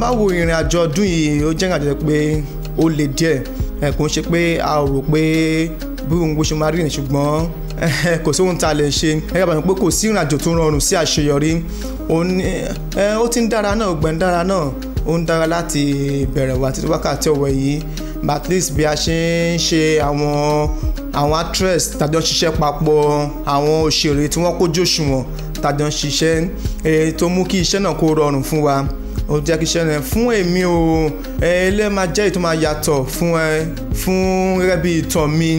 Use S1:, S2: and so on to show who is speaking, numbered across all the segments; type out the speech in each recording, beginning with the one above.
S1: bá wo ìrìn àjò ọdún yìí ó jẹ́ ìrìnàjò pé ó le díẹ̀ kò ń ṣe pé a ò rò pé bí òun ṣe máa rí ni ṣùgbọ́n kò sóhun tá a lè ṣe ẹ yàgbà pé kò sí ìrìnàjò tó rọrùn sí àṣeyọrí ó ti ń dára náà gbẹ̀ ń dára náà ó ń dára láti bẹ̀rẹ̀ wá títí wákàtí ọ̀wọ̀ yìí at least bí a ṣe ń ṣe àwọn àwọn actress tàbí ṣiṣẹ́ papọ̀ àwọn òṣèré tí wọ́n kójú òṣùwọ̀n tàbí ṣiṣẹ́ tó mú kí iṣẹ́ náà kó rọrùn fún wa ó jẹ́ kí iṣẹ́ fún èmi o ẹlẹ́ máa jẹ́ ìtọ́ máa yàtọ̀ fún ẹ fún gẹ́gẹ́ bí ìtàn mi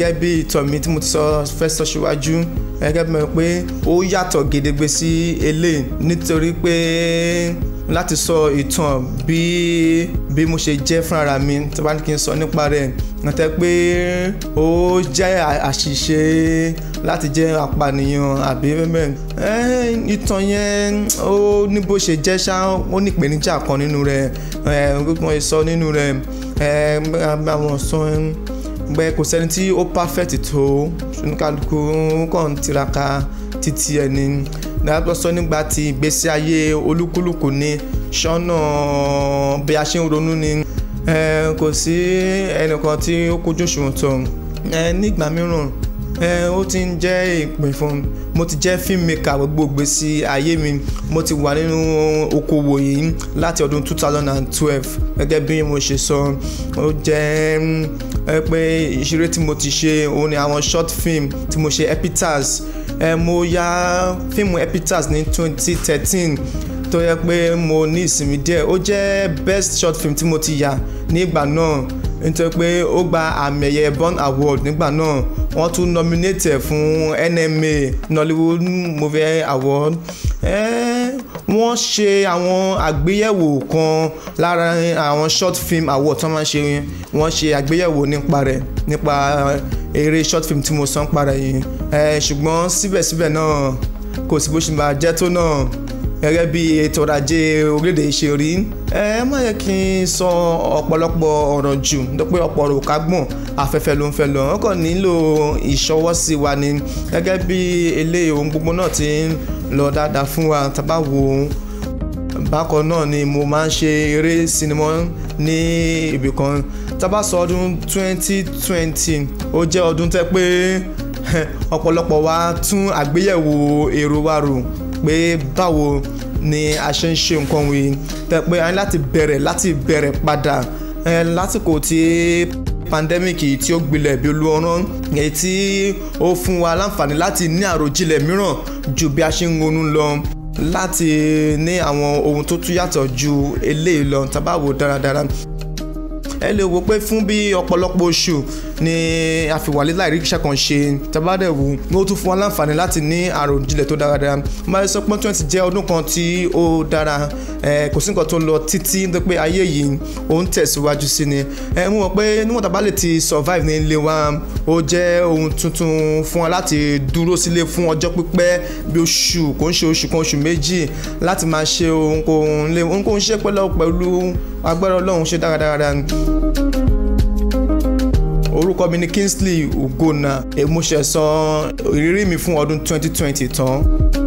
S1: gẹ́gẹ́ bí ìtàn mi tí mo ti sọ fẹ́ sọ síwájú gẹ́gẹ́ bí mo pé ó yàtọ̀ gedegbe sí eléyìí nítorí pé láti sọ ìtàn bí bí mo ṣe jẹ́ fúnra mi tí wọ́n bá ní kí n sọ nípa rẹ̀ nàtẹ́ pé ó jẹ́ àṣìṣe láti jẹ́ apànìyàn àbí mẹ́mẹ́ ìtàn yẹn ó ní bó ṣe jẹ́ ṣá ó ní ìpèníjà kan nínú rẹ̀ gbogbo ìsọ nínú rẹ̀ àwọn ọ̀sán gbẹ kò sẹ́ni tí ó perfect tó oníkálukú kàn tiraka títí ẹni nígbà sọ nígbà tí ìgbésí ayé olúkúlùkù ni ṣọ́nà bí a ṣe ń ronú ni kò sí ẹnìkan tí ó kojú òṣùwọ̀n tó nígbà mìíràn ó ti ń jẹ́ ìpè fún mi mo ti jẹ́ fíìmìkà gbogbo ìgbésí ayé mi mo ti wà nínú okòwò yìí láti ọdún 2012 gẹ́gẹ́ bí mo ṣe sọ ó jẹ́ pé ìṣeré tí mo ti ṣe òun ni àwọn short film tí mo ṣe epitaph eh, mo ya fíìmù epitaph ní twenty thirteen tó yẹ pé mo ní ìsinmi díẹ̀ ó jẹ́ best short film tí mo ti yà nígbà náà nítorí pé ó gba àmì ẹ̀yẹ Bond Award nígbà náà wọ́n tún nominate ẹ̀ fún NMA Nollywood Movie Award. Eh, wọ́n ṣe àwọn àgbéyẹ̀wò kan lára àwọn short film award tó máa ń ṣe wọ́n ṣe àgbéyẹ̀wò nípa rẹ̀ nípa eh, eré short film tí mo sọ ń para yìí eh, ṣùgbọ́n síbẹ̀síbẹ̀ náà kò sí bó ṣe máa jẹ́ tó náà gẹ́gẹ́ bí ètò ọrọ̀ ajé orílẹ̀-èdè ṣe rí ẹ má yẹ kí n sọ ọ̀pọ̀lọpọ̀ ọ̀rọ̀ jù nítorí ọ̀pọ̀ ọ̀rọ̀ kágbọ̀n afẹ́fẹ́ ló ń fẹ́ lọ wọn kàn nílò ìṣọwọ́sí wa ni gẹ́gẹ́ bí eléyìí ohun gbogbo náà ti ń lọ dáadáa fún wa tá wò ó bákan náà ni mo máa ń ṣe eré sinimá ní ibìkan tá bá sọ ọdún 2020 ó jẹ́ ọdún tẹ́ pé ọ̀pọ̀lọpọ̀ wa tún àgbéyẹ̀wò èrò wa rò pé báwo ni a ṣe ń ṣe nǹkan wọ̀nyí tẹ́ pé a ní láti bẹ̀rẹ̀ láti bẹ̀rẹ̀ padà lásìkò tí pandemic tí ó gbilẹ̀ bí olú ọ̀ràn èyí tí ó fún wa láǹfààní láti ní àròjinlẹ̀ mìíràn ju bí a ṣe ń ronú lọ láti ní àwọn ohun tó tún yàtọ̀ ju eléyìí lọ tá dáradára ẹ lè wò pé fún bí ọ̀pọ̀lọpọ̀ oṣù ni a fi wálé láì rí iṣẹ́ kan ṣe tabadẹ wu ni ó tún fún wa láǹfààní láti ní àròjinlẹ̀ tó dáradára máa sọ pé twenty jẹ́ ọdún kan tí ó dára kò sí nǹkan tó lọ títí nítorí pé ayé yìí ó ń tẹ̀síwájú sí ni mo mọ̀ pé níwọ̀n tá lè ti survive ní ilé wa ó jẹ́ ohun tuntun fún wa láti dúró sílé fún ọjọ́ pípẹ́ bí oṣù kò ń ṣe oṣù kan oṣù méjì láti máa ṣe ohunkóhun lé ohunkóhun ṣe pẹ́lú agbára Ọlọ́run ṣe dáradára orúkọ mi ni Kingsley Ugonna èmo ṣẹ̀san ìrírí mi fún ọdún 2020 tán.